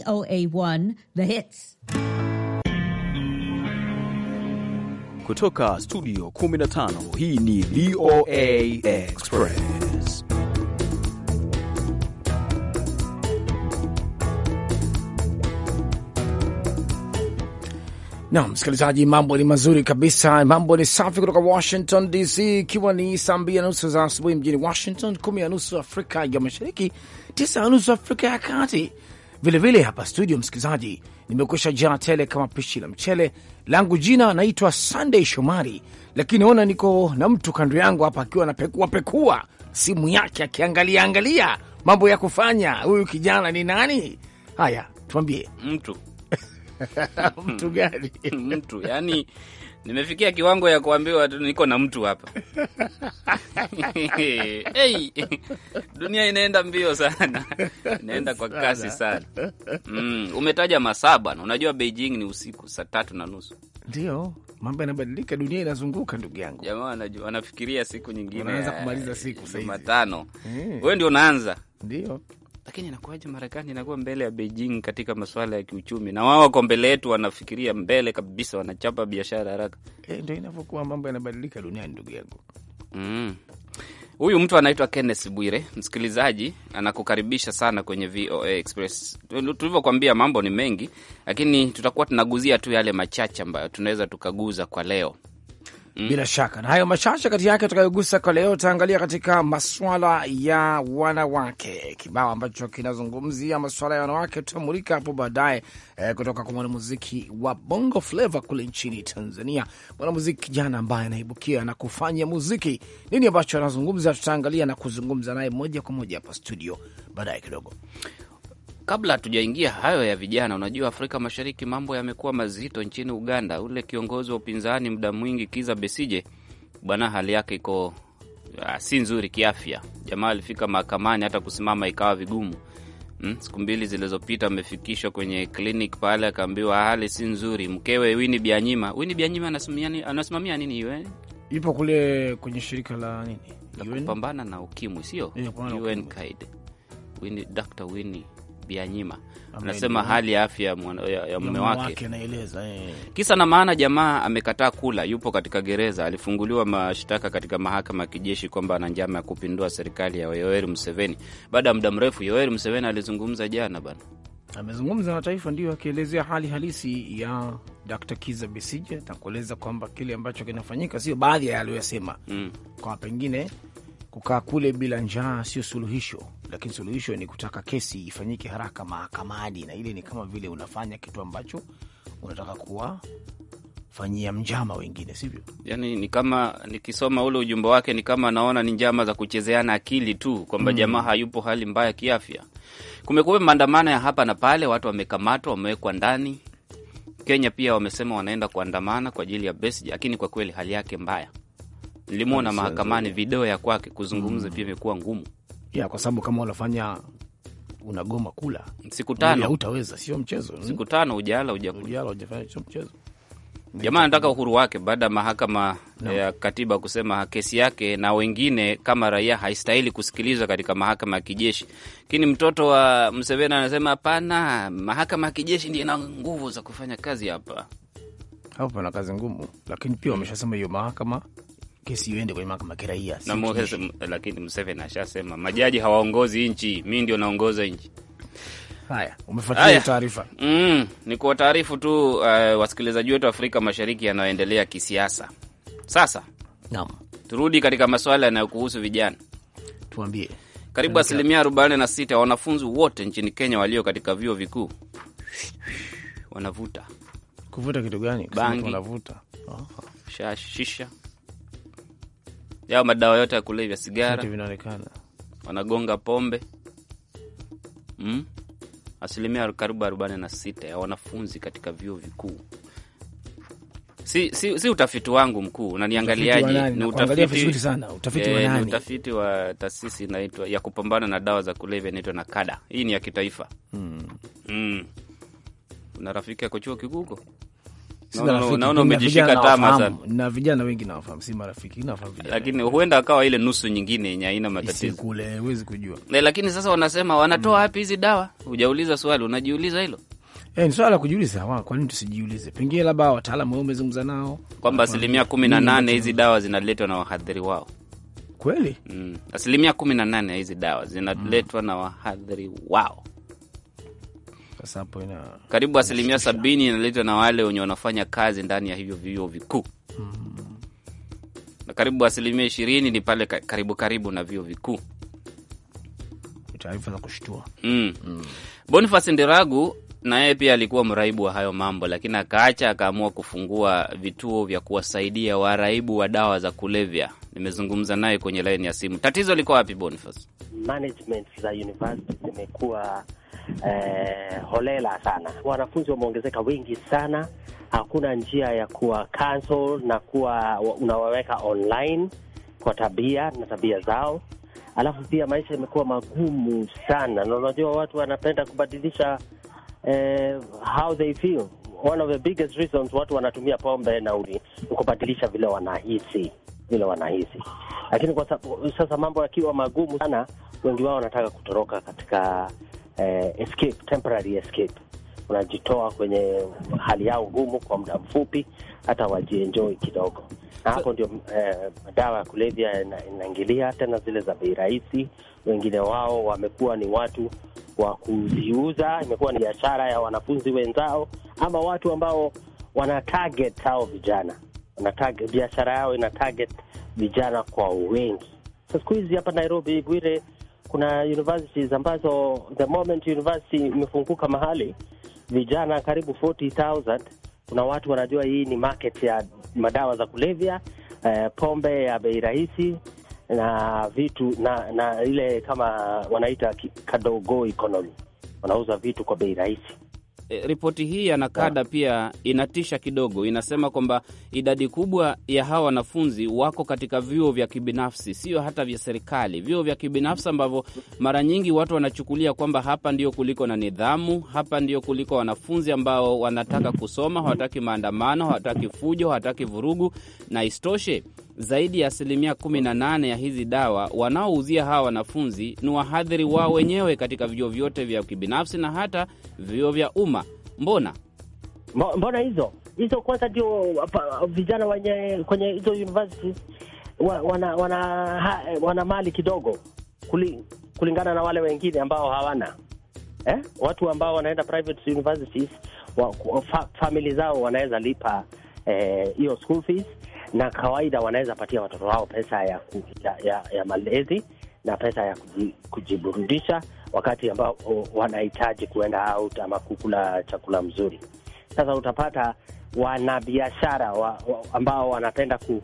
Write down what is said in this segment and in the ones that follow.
VOA1 The Hits. Kutoka studio 15 hii ni VOA Express. Naam, msikilizaji, mambo ni mazuri kabisa, mambo ni safi kutoka Washington DC, ikiwa ni saa mbili na nusu za asubuhi mjini Washington, kumi na nusu Afrika ya Mashariki, tisa na nusu Afrika ya Kati Vilevile vile hapa studio, msikilizaji, nimekusha jaa tele kama pishi la mchele langu. Jina naitwa Sunday Shomari, lakini naona niko na mtu kando yangu hapa akiwa anapekua pekua simu yake akiangalia angalia mambo ya kufanya. Huyu kijana ni nani? Haya, tuambie mtu mtu gani? mtu yani Nimefikia kiwango ya kuambiwa tu niko na mtu hapa. Hey, dunia inaenda mbio sana, inaenda kwa kasi sana. Mm, umetaja masaba, na Unajua Beijing ni usiku saa tatu na nusu. Ndio mambo yanabadilika, dunia inazunguka ndugu yangu. Jamaa wanafikiria siku nyingine, wanaanza kumaliza siku sasa, Jumatano. Eh. Wewe ndio unaanza, ndio lakini inakuwaje Marekani inakuwa mbele ya Beijing katika masuala ya kiuchumi, na wao wako mbele yetu, wanafikiria mbele kabisa, wanachapa biashara haraka. E, ndio inavyokuwa, mambo yanabadilika duniani ndugu yangu. Mm. Huyu mtu anaitwa Kenneth Bwire, msikilizaji, anakukaribisha sana kwenye VOA Express. Tulivyokuambia mambo ni mengi, lakini tutakuwa tunaguzia tu yale machache ambayo tunaweza tukaguza kwa leo mm. Bila shaka na hayo machache kati yake tutakayogusa kwa leo, utaangalia katika maswala ya wanawake, kibao ambacho kinazungumzia maswala ya wanawake tutamulika hapo baadaye, eh, kutoka kwa mwanamuziki wa Bongo Flava kule nchini Tanzania, mwanamuziki kijana ambaye anaibukia na kufanya muziki. Nini ambacho anazungumza, tutaangalia na kuzungumza naye moja kwa moja hapa studio baadaye kidogo kabla hatujaingia hayo ya vijana, unajua Afrika Mashariki mambo yamekuwa mazito. Nchini Uganda, ule kiongozi wa upinzani muda mwingi Kiza Besije bwana, hali yake iko ah, si nzuri kiafya. Jamaa alifika mahakamani, hata kusimama ikawa vigumu. Hmm, siku mbili zilizopita amefikishwa kwenye klinik pale, akaambiwa ah, hali si nzuri. Mkewe Wini Bianyima, Wini Bianyima anasimamia nini hiyo eh? Ipo kule kwenye shirika la nini la kupambana na ukimwi, sio UNAIDS. Wini Dr. Wini Bianyima anasema hali ya afya ya mume wake, eh. kisa na maana jamaa amekataa kula, yupo katika gereza. Alifunguliwa mashtaka katika mahakama ya kijeshi kwamba ana njama ya kupindua serikali ya Yoweri Museveni. Baada ya muda mrefu, Yoweri Museveni alizungumza jana bana amezungumza na taifa ndio akielezea hali halisi ya Dr. Kiza Besije na kueleza kwamba kile ambacho kinafanyika sio baadhi ya aliyoyasema, mm, kwa pengine kukaa kule bila njaa sio suluhisho lakini suluhisho ni kutaka kesi ifanyike haraka mahakamani, na ile ni kama vile unafanya kitu ambacho unataka kuwa fanyia mjama wengine, sivyo? Yani ni kama nikisoma ule ujumbe wake ni kama naona ni njama za kuchezeana akili tu kwamba mm, jamaa hayupo hali mbaya kiafya. Kumekuwa maandamano ya hapa na pale, watu wamekamatwa, wamewekwa ndani. Kenya pia wamesema wanaenda kuandamana kwa ajili ya Besigye, lakini kwa kweli hali yake mbaya. Nilimwona mahakamani, video ya kwake kuzungumza mm, pia imekuwa ngumu pia kwa sababu kama unafanya unagoma kula siku tano hautaweza, sio mchezo. Hmm? Siku tano ujala ujakula, ujafanya sio mchezo. Jamaa anataka uhuru wake baada ya mahakama no. ya katiba kusema kesi yake na wengine kama raia haistahili kusikilizwa katika mahakama ya kijeshi, lakini mtoto wa Mseveni anasema hapana, mahakama ya kijeshi ndio ina nguvu za kufanya kazi hapa hapa, pana kazi ngumu. Lakini pia wameshasema hiyo mahakama kesi iende kwenye mahakama ya kiraia, lakini Museveni ashasema majaji hawaongozi nchi, mi ndio naongoza nchi. Haya, umefuatilia taarifa mm, ni kwa taarifu tu uh, wasikilizaji wetu Afrika Mashariki yanayoendelea kisiasa sasa. Naam, turudi katika masuala yanayokuhusu vijana, tuambie. Karibu asilimia sita ya wanafunzi wote nchini Kenya walio katika vyuo vikuu wanavuta. Kuvuta kitu gani? Bangi, wanavuta shisha yao madawa yote ya kulevya, sigara, vinaonekana wanagonga pombe mm? Asilimia karibu arobaini na sita ya wanafunzi katika vyuo vikuu Si, si, si utafiti wangu mkuu, unaniangaliaje? Ni utafiti, Utafiti, e, utafiti wa taasisi inaitwa ya kupambana na dawa za kulevya inaitwa NACADA. Hii ni ya kitaifa. hmm. Hmm. Una rafiki yako chuo kikuu huko? Sina rafiki. Naona umejishika tama sana. Na vijana wengi nawafahamu, si marafiki, nafahamu vijana. Lakini huenda akawa ile nusu nyingine yenye haina matatizo. Kule huwezi kujua. Eh, lakini sasa wanasema wanatoa wapi hizi dawa? Hujauliza swali, unajiuliza hilo. E, ni swala la kujiuliza. Kwa nini tusijiulize? Pengine labda wataalamu wao umezungumza nao kwamba asilimia kumi na nane hizi dawa zinaletwa na wahadhiri wao. Kweli? Mm. Asilimia kumi na nane ya hizi dawa zinaletwa mm. na wahadhiri wao. Sasa hapo ina karibu asilimia sabini inaletwa na wale wenye wanafanya kazi ndani ya hivyo vyuo vikuu hmm. na karibu asilimia ishirini ni pale karibu karibu na vyuo vikuu. Taarifa za kushtua mm. mm. Boniface Ndiragu naye pia alikuwa mraibu wa hayo mambo, lakini akaacha, akaamua kufungua vituo vya kuwasaidia waraibu wa dawa za kulevya. Nimezungumza naye kwenye laini ya simu. Tatizo liko wapi, Boniface? Management za university zimekuwa eh, holela sana. Wanafunzi wameongezeka wengi sana, hakuna njia ya kuwa cancel na kuwa unawaweka online kwa tabia na tabia zao. Alafu pia maisha imekuwa magumu sana, na unajua watu wanapenda kubadilisha eh, how they feel. One of the biggest reasons watu wanatumia pombe na uri kubadilisha vile wanahisi vile wanahisi, lakini kwa sasa mambo yakiwa magumu sana, wengi wao wanataka kutoroka katika eh, escape, temporary escape. Unajitoa kwenye hali yao ngumu kwa muda mfupi, hata wajienjoi kidogo, na hapo ndio eh, dawa ya kulevya inaingilia, tena zile za bei rahisi. Wengine wao wamekuwa ni watu wa kuziuza, imekuwa ni biashara ya wanafunzi wenzao ama watu ambao wana target hao vijana, biashara yao ina target vijana kwa wengi. Sasa siku hizi hapa Nairobi, Bwire, kuna universities ambazo the moment university imefunguka mahali, vijana karibu 40000 kuna watu wanajua hii ni market ya madawa za kulevya, eh, pombe ya bei rahisi na vitu na na ile kama wanaita kadogo economy, wanauza vitu kwa bei rahisi. Eh, ripoti hii ya NACADA ah. pia inatisha kidogo, inasema kwamba idadi kubwa ya hawa wanafunzi wako katika vyuo vya kibinafsi, sio hata vya serikali, vyuo vya kibinafsi ambavyo mara nyingi watu wanachukulia kwamba hapa ndio kuliko na nidhamu, hapa ndio kuliko wanafunzi ambao wanataka kusoma, hawataki maandamano, hawataki fujo, hawataki vurugu, na isitoshe zaidi ya asilimia 18 ya hizi dawa wanaouzia hawa wanafunzi ni wahadhiri wao wenyewe katika vyuo vyote vya kibinafsi na hata vyuo vya umma. Mbona mbona hizo hizo kwanza ndio vijana wenye kwenye hizo university wa, wana, wana, ha, wana mali kidogo kuli, kulingana na wale wengine ambao hawana eh? Watu ambao wanaenda private universities wa, fa, family zao wanaweza lipa eh, hiyo eh, school fees na kawaida wanaweza patia watoto wao pesa ya, ku, ya, ya, ya malezi na pesa ya kujiburudisha wakati ambao wanahitaji kuenda out ama kukula chakula mzuri. Sasa utapata wanabiashara wa, wa, ambao wanapenda ku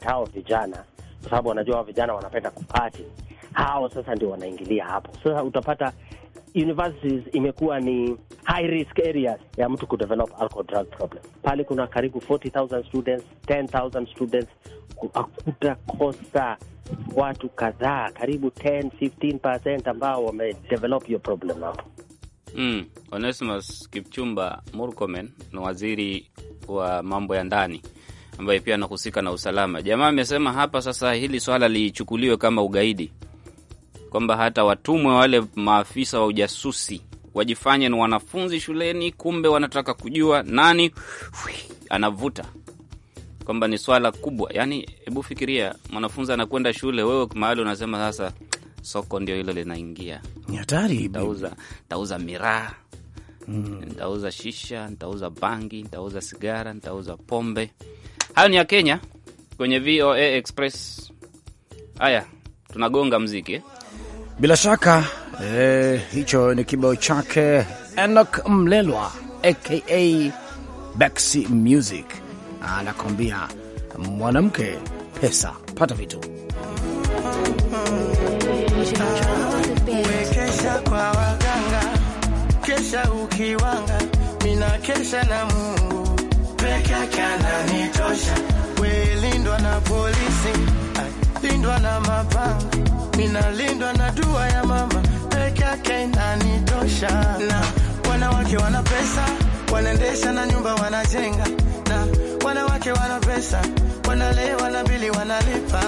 hao vijana, kwa sababu wanajua hao vijana wanapenda kupati. Hao sasa ndio wanaingilia hapo. Sasa utapata universities imekuwa ni high risk areas ya mtu kudevelop alcohol drug problem. Pale kuna karibu 40000 students, 10000 students, kosa watu kadhaa karibu 10 15% ambao wamedevelop hiyo problem hapo. Mm, Onesimus Kipchumba Murkomen ni waziri wa mambo ya ndani ambaye pia anahusika na usalama. Jamaa amesema hapa sasa hili swala lichukuliwe kama ugaidi kwamba hata watumwe wale maafisa wa ujasusi wajifanye ni wanafunzi shuleni, kumbe wanataka kujua nani hui, anavuta kwamba ni swala kubwa. Yani, hebu fikiria, mwanafunzi anakwenda shule, wewe mahali unasema sasa soko ndio hilo linaingia, hatari. Tauza, tauza miraa mm, nitauza shisha, ntauza bangi, ntauza sigara, ntauza pombe. Hayo ni ya Kenya kwenye VOA Express. Haya, tunagonga mziki eh? Bila shaka eh, hicho ni kibao chake Enoch Mlelwa aka Bexy Music anakwambia mwanamke pesa pata vitu kesha kwa waganga, kesha ukiwanga, mina kesha na Mungu peke yake ananitosha, welindwa na polisi nalindwa na mapanga, ninalindwa na dua ya mama peke yake inanitosha. Na wanawake wana pesa, wanaendesha na nyumba wanajenga, na wanawake wana pesa, wanalewa na bili wanalipa.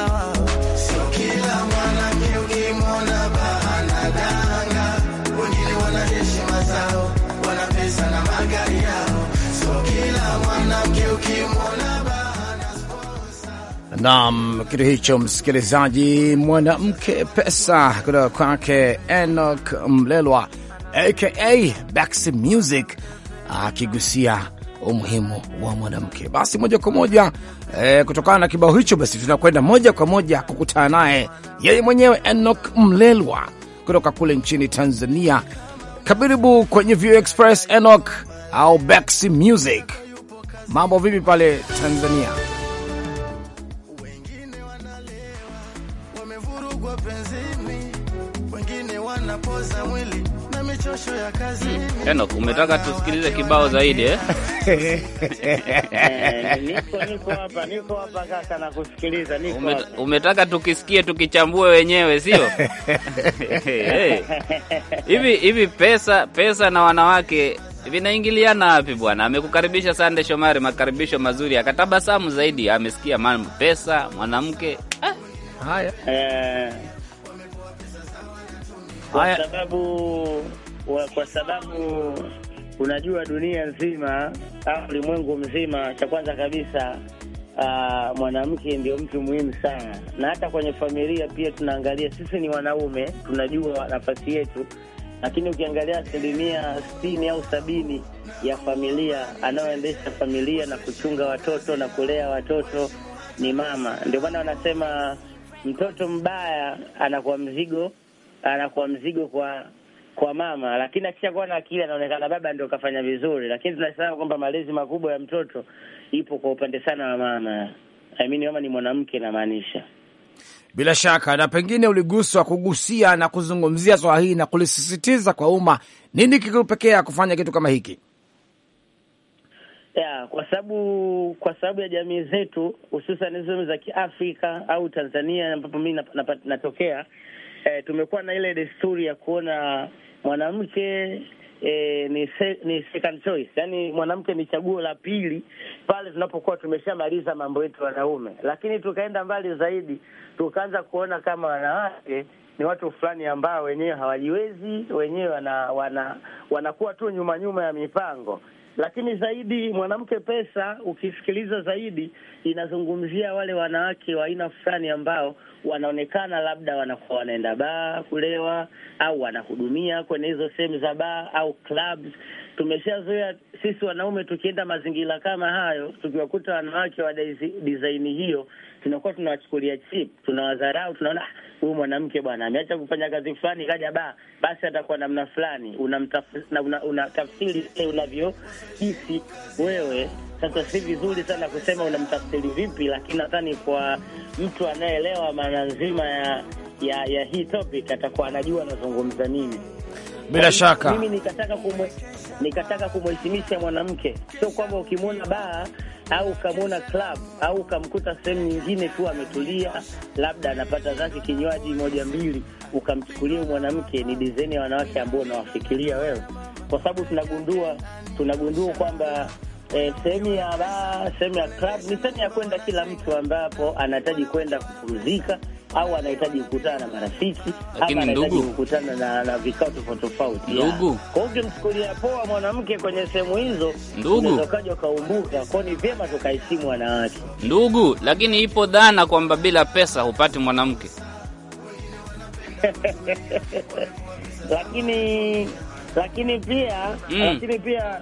Sio kila mwanamke ukimwona bahana danga, wengine wana heshima zao, wana pesa na magari yao. Sio kila mwanamke ukimwona Naam, kitu hicho msikilizaji, mwanamke pesa kutoka kwake Enok Mlelwa aka Bax Music akigusia umuhimu wa mwanamke. Basi moja kwa moja e, kutokana na kibao hicho, basi tunakwenda moja kwa moja kukutana naye yeye mwenyewe Enok Mlelwa kutoka kule nchini Tanzania. Karibu kwenye View Express Enok au Bax Music, mambo vipi pale Tanzania? Hmm. Enoch, umetaka tusikilize kibao zaidi eh? Niko niko hapa, niko hapa kaka na kusikiliza, niko hapa. Umetaka tukisikie tukichambue wenyewe sio? Hivi hivi pesa pesa na wanawake vinaingiliana wapi bwana? Amekukaribisha Sande Shomari, makaribisho mazuri, akatabasamu zaidi, amesikia mambo pesa, mwanamke. Ah, haya. Eh. Kwa sababu kwa, kwa sababu unajua dunia nzima au ulimwengu mzima, cha kwanza kabisa uh, mwanamke ndio mtu muhimu sana, na hata kwenye familia pia tunaangalia sisi ni wanaume, tunajua nafasi yetu, lakini ukiangalia asilimia sitini au sabini ya familia anayoendesha familia na kuchunga watoto na kulea watoto ni mama. Ndio maana wanasema mtoto mbaya anakuwa mzigo, anakuwa mzigo kwa kwa mama, lakini akishakuwa na akili anaonekana baba ndio kafanya vizuri, lakini tunasema kwamba malezi makubwa ya mtoto ipo kwa upande sana wa mama. I mean, mama ni mwanamke namaanisha. Bila shaka na pengine uliguswa kugusia na kuzungumzia swala hili na kulisisitiza kwa umma, nini kikupekea kufanya kitu kama hiki? Yeah, kwa sababu kwa sababu ya jamii zetu hususan hizo za Kiafrika au Tanzania ambapo mimi natokea, eh, tumekuwa na ile desturi ya kuona mwanamke E, ni, se, ni second choice, yani mwanamke ni chaguo la pili pale tunapokuwa tumeshamaliza mambo yetu wanaume. Lakini tukaenda mbali zaidi, tukaanza kuona kama wanawake ni watu fulani ambao wenyewe hawajiwezi, wenyewe wana, wana wanakuwa tu nyuma nyuma ya mipango. Lakini zaidi mwanamke pesa, ukisikiliza zaidi, inazungumzia wale wanawake wa aina fulani ambao wanaonekana labda wanakuwa wanaenda baa kulewa au wanahudumia kwenye hizo sehemu za baa au clubs. Tumeshazoea sisi wanaume tukienda mazingira kama hayo, tukiwakuta wanawake wa dizaini hiyo, tunakuwa tunawachukulia chip, tunawadharau, tunaona huyu mwanamke bwana ameacha kufanya kazi fulani, kaja ba basi atakuwa namna fulani, unatafsiri una, una unavyojisi wewe. Sasa si vizuri sana kusema unamtafsiri vipi, lakini nadhani kwa mtu anayeelewa maana nzima ya ya, ya hii topic atakuwa anajua anazungumza nini. Bila shaka mimi nikataka kumwe nikataka kumheshimisha mwanamke, sio kwamba ukimwona baa au ukamwona club au ukamkuta sehemu nyingine tu ametulia, labda anapata zake kinywaji moja mbili, ukamchukulia mwanamke. Ni dizeni ya wanawake ambao unawafikiria wewe, kwa sababu tunagundua tunagundua kwamba eh, sehemu ya baa, sehemu ya club ni sehemu ya kwenda kila mtu ambapo anahitaji kwenda kupumzika au anahitaji kukutana na marafiki au anahitaji kukutana na, na vikao tofauti tofauti. Ndugu, Kwa hiyo ukimchukulia poa mwanamke kwenye sehemu hizo ndugu, ukaja ukaumbuka, kwa ni vyema tukaheshimu wanawake ndugu. Lakini ipo dhana kwamba bila pesa hupati mwanamke lakini lakini pia mm. Lakini pia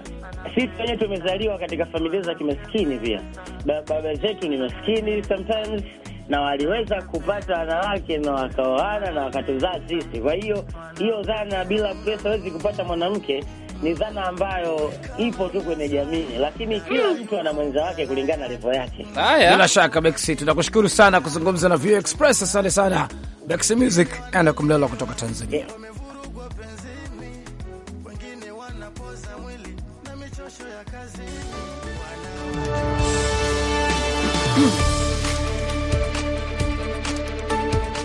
sisi wenyewe tumezaliwa katika familia za kimaskini, pia baba zetu ni maskini sometimes na waliweza kupata wanawake na wakaoana na wakatuzaa sisi. Kwa hiyo hiyo dhana bila pesa huwezi kupata mwanamke ni dhana ambayo ipo tu kwenye jamii, lakini kila hmm. mtu ana mwenza wake kulingana na levo yake. Haya, bila shaka Bexi, tunakushukuru sana kuzungumza na View Express. Asante sana Bexi Music anakumlala kutoka Tanzania. Yeah.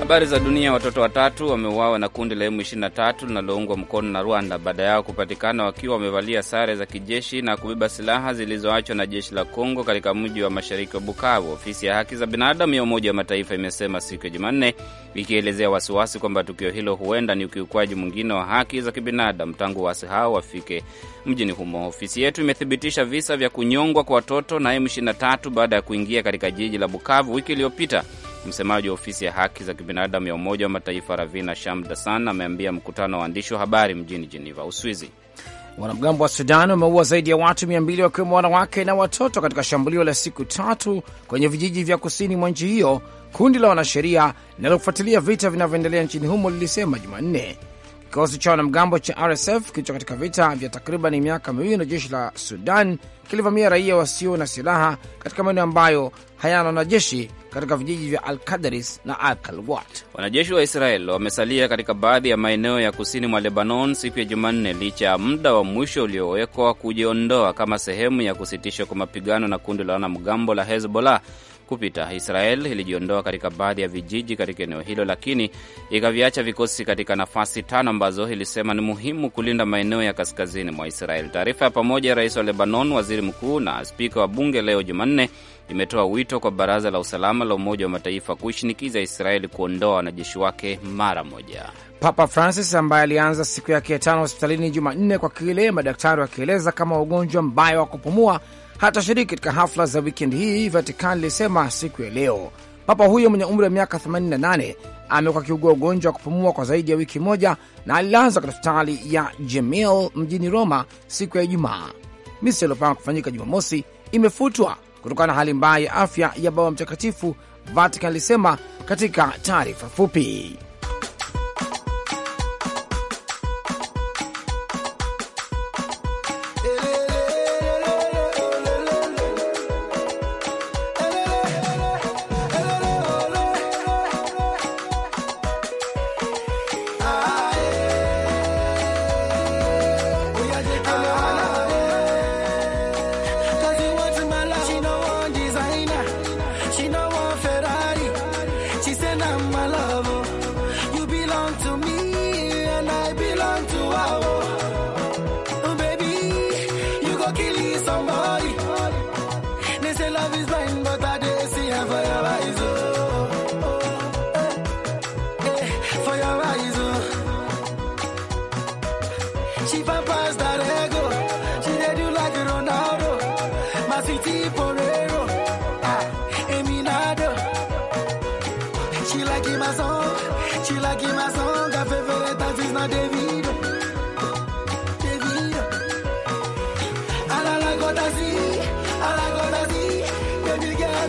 Habari za dunia. Watoto watatu wameuawa na kundi la M23 linaloungwa mkono na Rwanda baada yao kupatikana wakiwa wamevalia sare za kijeshi na kubeba silaha zilizoachwa na jeshi la Kongo katika mji wa mashariki wa Bukavu. Ofisi ya haki za binadamu ya Umoja wa Mataifa imesema siku ya Jumanne, ikielezea wasiwasi kwamba tukio hilo huenda ni ukiukwaji mwingine wa haki za kibinadamu tangu waasi hao wafike mjini humo. Ofisi yetu imethibitisha visa vya kunyongwa kwa watoto na M23 baada ya kuingia katika jiji la Bukavu wiki iliyopita Msemaji wa ofisi ya haki za kibinadamu ya Umoja wa Mataifa Ravina Shamdasan ameambia mkutano wa waandishi wa habari mjini Jeneva, Uswizi. Wanamgambo wa Sudan wameua zaidi ya watu 200 wakiwemo wanawake na watoto katika shambulio la siku tatu kwenye vijiji vya kusini mwa nchi hiyo, kundi la wanasheria linalofuatilia vita vinavyoendelea nchini humo lilisema Jumanne, Kikosi cha wanamgambo cha RSF kilicho katika vita vya takriban miaka miwili na jeshi la Sudan kilivamia raia wasio na silaha katika maeneo ambayo hayana wanajeshi katika vijiji vya Alkadaris na Alkalwat. Wanajeshi wa Israel wamesalia katika baadhi ya maeneo ya kusini mwa Lebanon siku ya Jumanne licha ya muda wa mwisho uliowekwa kujiondoa kama sehemu ya kusitishwa kwa mapigano na kundi la wanamgambo la Hezbollah kupita. Israel ilijiondoa katika baadhi ya vijiji katika eneo hilo, lakini ikaviacha vikosi katika nafasi tano ambazo ilisema ni muhimu kulinda maeneo ya kaskazini mwa Israel. Taarifa ya pamoja rais wa Lebanon, waziri mkuu na spika wa bunge leo Jumanne imetoa wito kwa Baraza la Usalama la Umoja wa Mataifa kuishinikiza Israeli kuondoa wanajeshi wake mara moja. Papa Francis ambaye alianza siku yake ya tano hospitalini Jumanne kwa kile madaktari wakieleza kama ugonjwa mbaya wa kupumua hatashiriki katika hafla za wikendi hii, Vatikani ilisema siku ya leo. Papa huyo mwenye umri wa miaka 88 amekuwa akiugua ugonjwa wa kupumua kwa zaidi ya wiki moja na alilazwa katika hospitali ya Gemelli mjini Roma siku ya Ijumaa. Misa iliyopangwa kufanyika Jumamosi imefutwa kutokana na hali mbaya ya afya ya Baba Mtakatifu, Vatican ilisema katika taarifa fupi.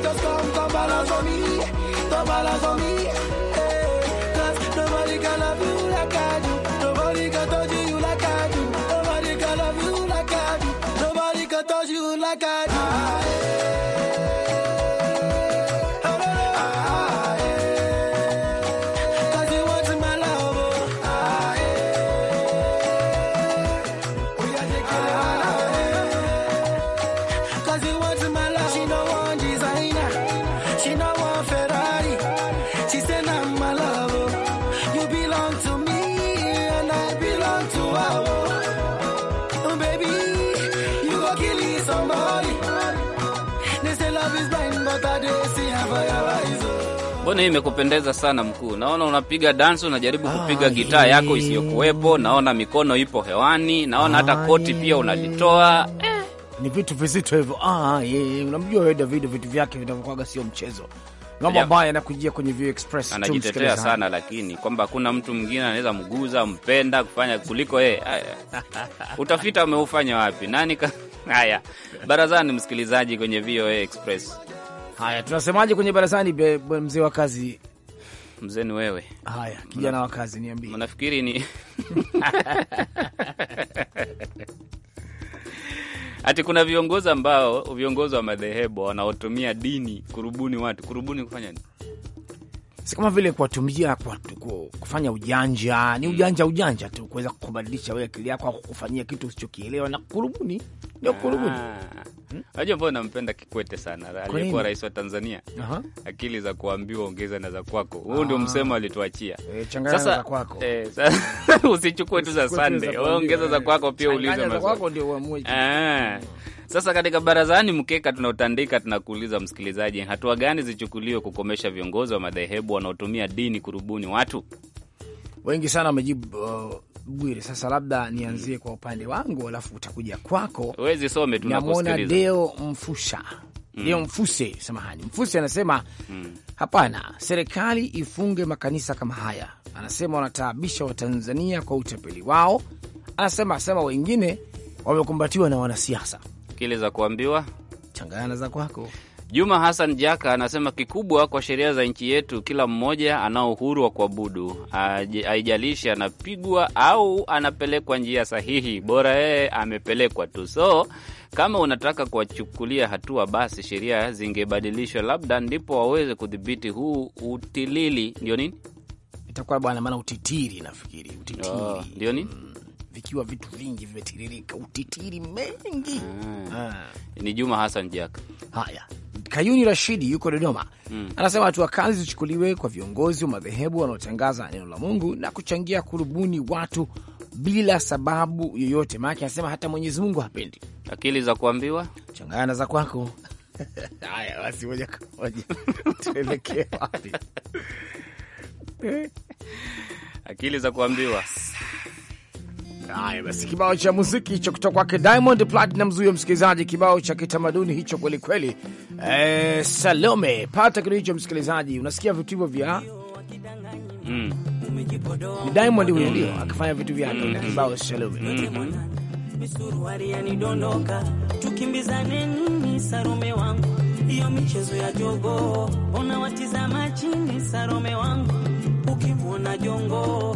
just come, come balance on me, come balance on me. Mbona hii imekupendeza sana mkuu? Naona unapiga dansi, unajaribu kupiga ah, gitaa yako isiyokuwepo, naona mikono ipo hewani, naona hata ah, koti pia unalitoa eh. ni vitu vizito hivyo. Ah, unamjua wewe David, vitu vyake vinavyokuaga sio mchezo. Mambo ambayo yanakujia kwenye View Express anajitetea sana, lakini kwamba hakuna mtu mwingine anaweza mguza mpenda kufanya kuliko yeye. Utafiti ameufanya wapi? Nani ka... Haya, barazani msikilizaji kwenye VOA Express. Haya, tunasemaje kwenye barazani, mzee wa kazi? Mzee ni wewe. Haya, kijana wa kazi, niambie, nafikiri ni ati kuna viongozi ambao viongozi wa madhehebu wanaotumia dini kurubuni watu, kurubuni kufanya nini? si kama vile kuwatumia kufanya ujanja, ni ujanja mm. ujanja tu kuweza kubadilisha wewe akili yako kufanyia kitu usichokielewa na kurubuni ndio ah. kurubuni. Hmm? Unajua mbona nampenda Kikwete sana, aliyekuwa rais wa Tanzania. Aha. Akili za kuambiwa ongeza na za kwako, huu ndio ah. msemo alituachia. E, changanya za kwako e, usichukue tu za Sunday, ongeza za kwako pia ulize. Za kwako ndio uamue. Sasa katika barazani mkeka tunaotandika, tunakuuliza msikilizaji, hatua gani zichukuliwe kukomesha viongozi wa madhehebu wanaotumia dini kurubuni watu? Wengi sana wamejibu uh, Bwire. Sasa labda nianzie kwa upande wangu, alafu utakuja kwako. Wezi some, tunamwona Deo Mfusha Mm. Mfuse, samahani, Mfuse anasema mm, hapana, serikali ifunge makanisa kama haya. Anasema wanataabisha Watanzania kwa utapeli wao. Anasema asema wengine wamekumbatiwa na wanasiasa kile za kuambiwa changana za kwako. Juma Hassan Jaka anasema kikubwa kwa sheria za nchi yetu, kila mmoja anao uhuru wa kuabudu, haijalishi anapigwa au anapelekwa njia sahihi, bora yeye amepelekwa tu. So kama unataka kuwachukulia hatua, basi sheria zingebadilishwa, labda ndipo waweze kudhibiti huu utilili. Ndio nini itakuwa bwana, maana utitiri, nafikiri utitiri oh, ndio nini. Mm vikiwa vitu vingi vimetiririka, utitiri mengi mm. Ah. ni Juma Hassan Jack. Haya, Kayuni Rashidi yuko Dodoma mm. anasema hatua kali zichukuliwe kwa viongozi wa madhehebu wanaotangaza neno la Mungu na kuchangia kurubuni watu bila sababu yoyote, maanake anasema hata Mwenyezi Mungu hapendi. Akili za kuambiwa changana za kwako. Haya basi, moja kwa moja tuelekee wapi? Akili za kuambiwa Haya basi, kibao cha muziki hicho kutoka kwake Diamond Platnumz, huyo msikilizaji, kibao cha kitamaduni hicho kweli kweli. E, Salome, pata kitu hicho msikilizaji, unasikia vitu hivyo vya mm. Diamond huyo ndio mm. akifanya vitu vyake mm. Mm-hmm. na kibao Salome mm. misuruari yanidondoka, tukimbizane nini Salome wangu, hiyo michezo ya jogo, ona watizama chini Sarome wangu, ukimwona jongo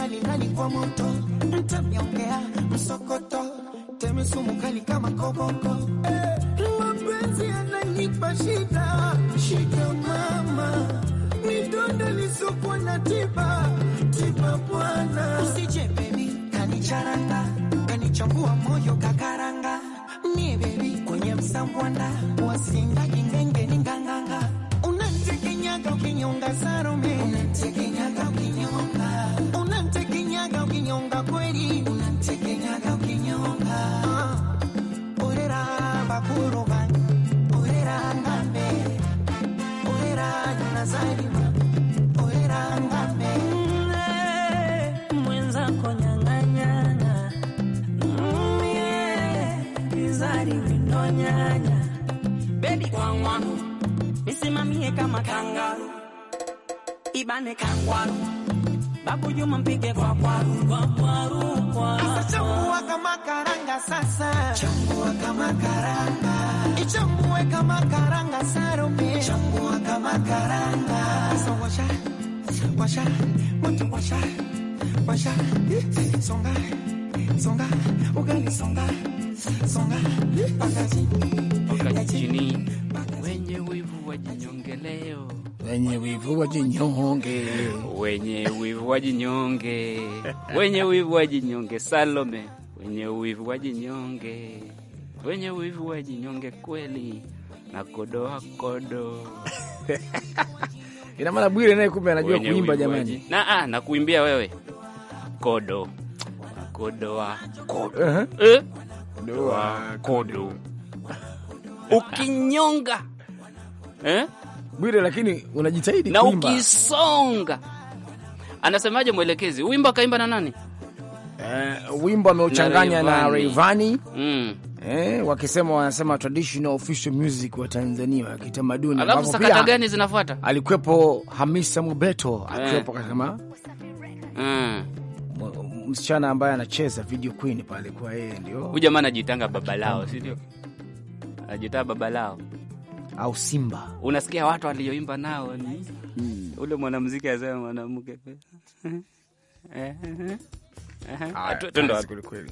nani nani kwa moto mtamnyongea msokoto temesumu kali kama koboko eh, mapenzi yananipa ananipa shida shika mama midondo lisokuwa na tiba tiba bwana usije bebi kanicharanga kanichambua moyo kakaranga ni bebi kwenye msambwanda mpige kwa kwa kwa kwa. Chambua kama karanga sasa, chambua kama karanga, ichambue kama karanga sarupi, chambua kama karanga. Sasa washa washa moto washa washa, songa songa ugali songa songa pakaji pakaji, wenye wivu wajiniongelee Wenye wivu wajinyonge, wenye wivu wajinyonge, wenye wivu wajinyonge, Salome, wenye wivu wajinyonge, wenye wivu wajinyonge kweli na kodoa kodo ina maana Bwire naye kumbe anajua kuimba jamani, na ah, na kuimbia wewe kodo kodoa kodo uh -huh. eh? doa kodo ukinyonga eh? Bwire, lakini unajitahidi na kuimba. Ukisonga anasemaje mwelekezi? Wimbo akaimba na nani? Uh, wimbo ameuchanganya na Rayvanny mm. Eh, wakisema wanasema traditional official music wa Tanzania ya kitamaduni. Alafu sakata gani zinafuata? Alikuwepo Hamisa Mobeto eh. akiwepo kama mm. msichana ambaye anacheza video queen pale, kwa yeye ndio huyu jamaa anajitanga baba lao, si ndio? Anajitanga baba lao au Simba. Unasikia watu walioimba nao ni hmm. ule mwanamuziki asema mwanamke eh, eh, eh,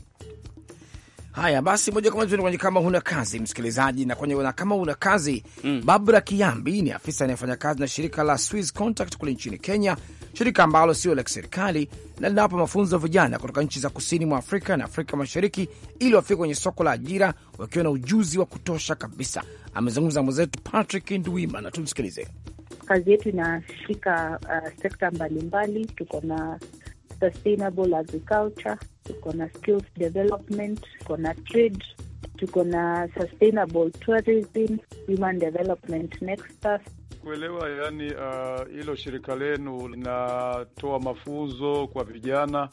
Haya basi, moja kwa moja kwenye kama huna kazi, msikilizaji, na kwenye na kama huna kazi mm. Babra Kiambi ni afisa anayefanya kazi na shirika la Swiss Contact kule nchini Kenya, shirika ambalo sio la kiserikali na linawapa mafunzo ya vijana kutoka nchi za kusini mwa Afrika na Afrika Mashariki ili wafike kwenye soko la ajira wakiwa na ujuzi wa kutosha kabisa. Amezungumza mwenzetu Patrick na tumsikilize. Kazi yetu inashika uh, sekta mbalimbali. Tuko na sustainable agriculture, tuko na skills development, tuko na trade, tuko na sustainable tourism, human development nexus kuelewa yani, uh, hilo uh, shirika lenu linatoa mafunzo kwa vijana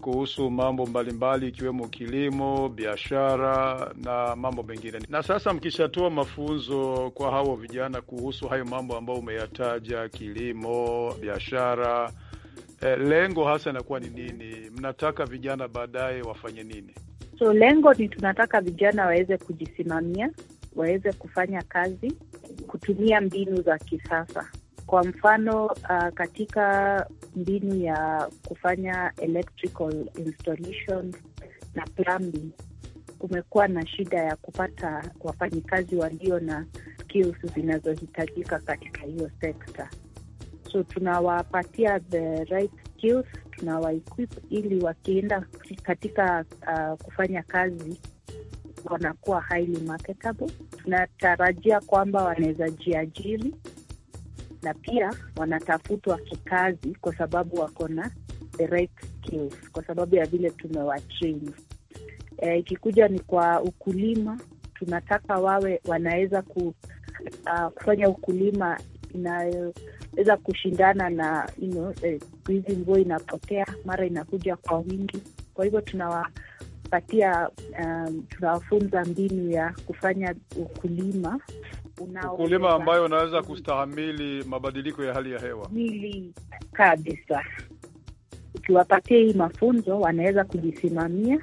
kuhusu mambo mbalimbali ikiwemo kilimo, biashara na mambo mengine. Na sasa mkishatoa mafunzo kwa hao vijana kuhusu hayo mambo ambayo umeyataja, kilimo, biashara eh, lengo hasa inakuwa ni nini? Mnataka vijana baadaye wafanye nini? So lengo ni tunataka vijana waweze kujisimamia, waweze kufanya kazi, kutumia mbinu za kisasa. Kwa mfano uh, katika mbinu ya kufanya electrical installation na plumbing, kumekuwa na shida ya kupata wafanyikazi walio na skills zinazohitajika katika hiyo sekta so tunawapatia the right skills, tunawaequip ili wakienda katika uh, kufanya kazi wanakuwa highly marketable. Tunatarajia kwamba wanaweza jiajiri na pia wanatafutwa kikazi kwa sababu wako na the right skills, kwa sababu ya vile tumewatrain. E, ikikuja ni kwa ukulima, tunataka wawe wanaweza ku, uh, kufanya ukulima inayo weza kushindana na you know, siku eh, nguo inapotea, mara inakuja kwa wingi. Kwa hivyo tunawapatia um, tunawafunza mbinu ya kufanya ukulima ukulima ambayo unaweza kustahamili mabadiliko ya hali ya hewa mili kabisa. Ukiwapatia hii mafunzo, wanaweza kujisimamia.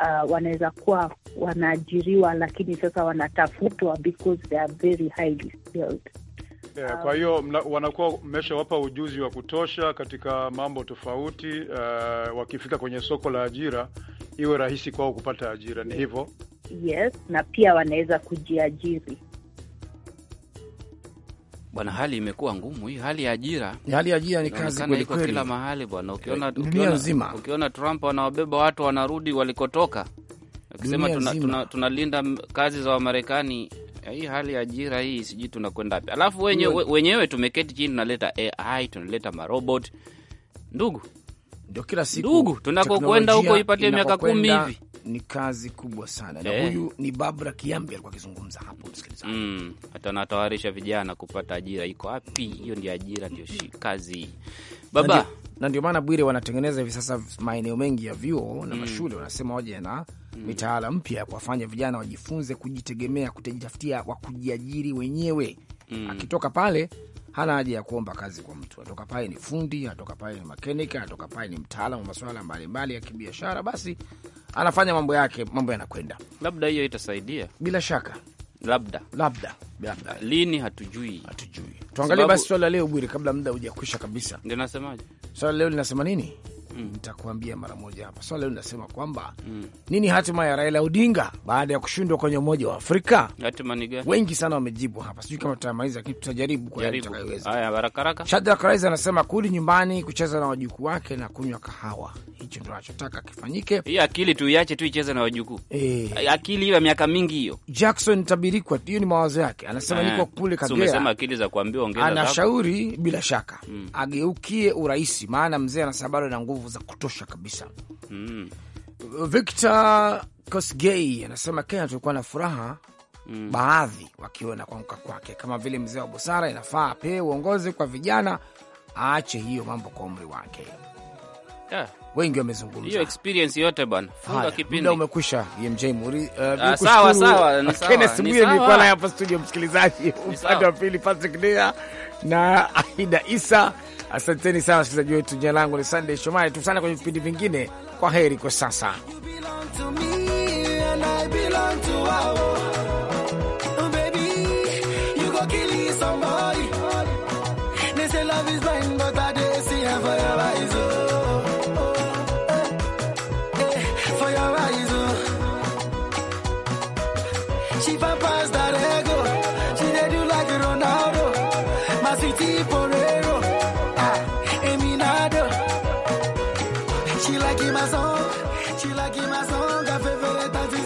Uh, wanaweza kuwa wanaajiriwa, lakini sasa wanatafutwa because they are very highly skilled. Yeah, eh, um, kwa hiyo wanakuwa mmeshawapa ujuzi wa kutosha katika mambo tofauti. Uh, wakifika kwenye soko la ajira iwe rahisi kwao kupata ajira, ni hivyo? Yes, na pia wanaweza kujiajiri. Bwana, hali imekuwa ngumu hii, hali ya ajira. Hali ya ajira ni kazi kweli kweli, kila mahali bwana. Ukiona eh, ukiona, nzima, ukiona Trump anawabeba watu wanarudi walikotoka, akisema tunalinda tuna, tuna kazi za Wamarekani Eh, hii hali ya ajira hii sijui tunakwenda wapi? Alafu wenye, we, wenyewe tumeketi chini tunaleta AI tunaleta marobot ndugu, ndio kila siku ndugu, tunakokwenda huko ipatie miaka kumi hivi ni kazi kubwa sana na eh. huyu eh, ni Babra Kiambi alikuwa akizungumza hapo, msikilizaji mm, hata anatawarisha vijana kupata ajira. Iko wapi hiyo? Ndio ajira ndio kazi baba na ndio maana Bwire wanatengeneza hivi sasa maeneo mengi ya vyuo na mm. mashule, wanasema waje na mm. mitaala mpya ya kuwafanya vijana wajifunze kujitegemea, kutajitafutia wa kujiajiri wenyewe. Mm. Akitoka pale hana haja ya kuomba kazi kwa mtu. Atoka pale ni fundi, atoka pale ni makenika, atoka pale ni mtaalamu wa masuala mbalimbali ya kibiashara, basi anafanya mambo yake, mambo yanakwenda. Labda hiyo itasaidia bila shaka labda labda labda, lini hatujui, hatujui. Tuangalie basi swali la leo Bwiri, kabla muda hujakwisha kabisa. nasemaje, swali leo? Linasema nini? Mm. nitakuambia mara moja hapa. Swala leo linasema kwamba mm, nini hatima ya Raila Odinga baada ya kushindwa kwenye Umoja wa Afrika? Wengi sana wamejibu hapa, sijui kama tutamaliza, lakini tutajaribu kwa tutakayoweza. Haya, baraka baraka. Shadrack Rais anasema kurudi nyumbani kucheza na wajukuu wake na kunywa kahawa, hicho ndo anachotaka kifanyike. Hiyo akili tuiache tu icheze na wajukuu e, akili hiyo ya miaka mingi hiyo. Jackson Tabirikwa, hiyo ni mawazo yake, anasema eh. niko kule Kagera, anashauri bila shaka mm, ageukie uraisi, maana mzee ana sababu na nguvu nguvu za kutosha kabisa. mm. Victor Kosgei anasema Kenya tulikuwa na furaha mm. baadhi wakiona kuanguka kwake, kama vile mzee wa busara inafaa apee uongozi kwa vijana, aache hiyo mambo kwa umri wake. yeah. Wengi wamezungumza hiyo experience yote bwana, funga kipindi, muda umekwisha. BMJ Muri, uh, ah, sawa sawa, ni ah, sawa, Kenneth Bwire nilikuwa naye hapa studio, msikilizaji upande wa pili, Patrick Dea na Aida Isa Asanteni sana wasikilizaji wetu. Jina langu ni Sunday Shomari. Tukutane kwenye vipindi vingine. Kwa heri kwa sasa.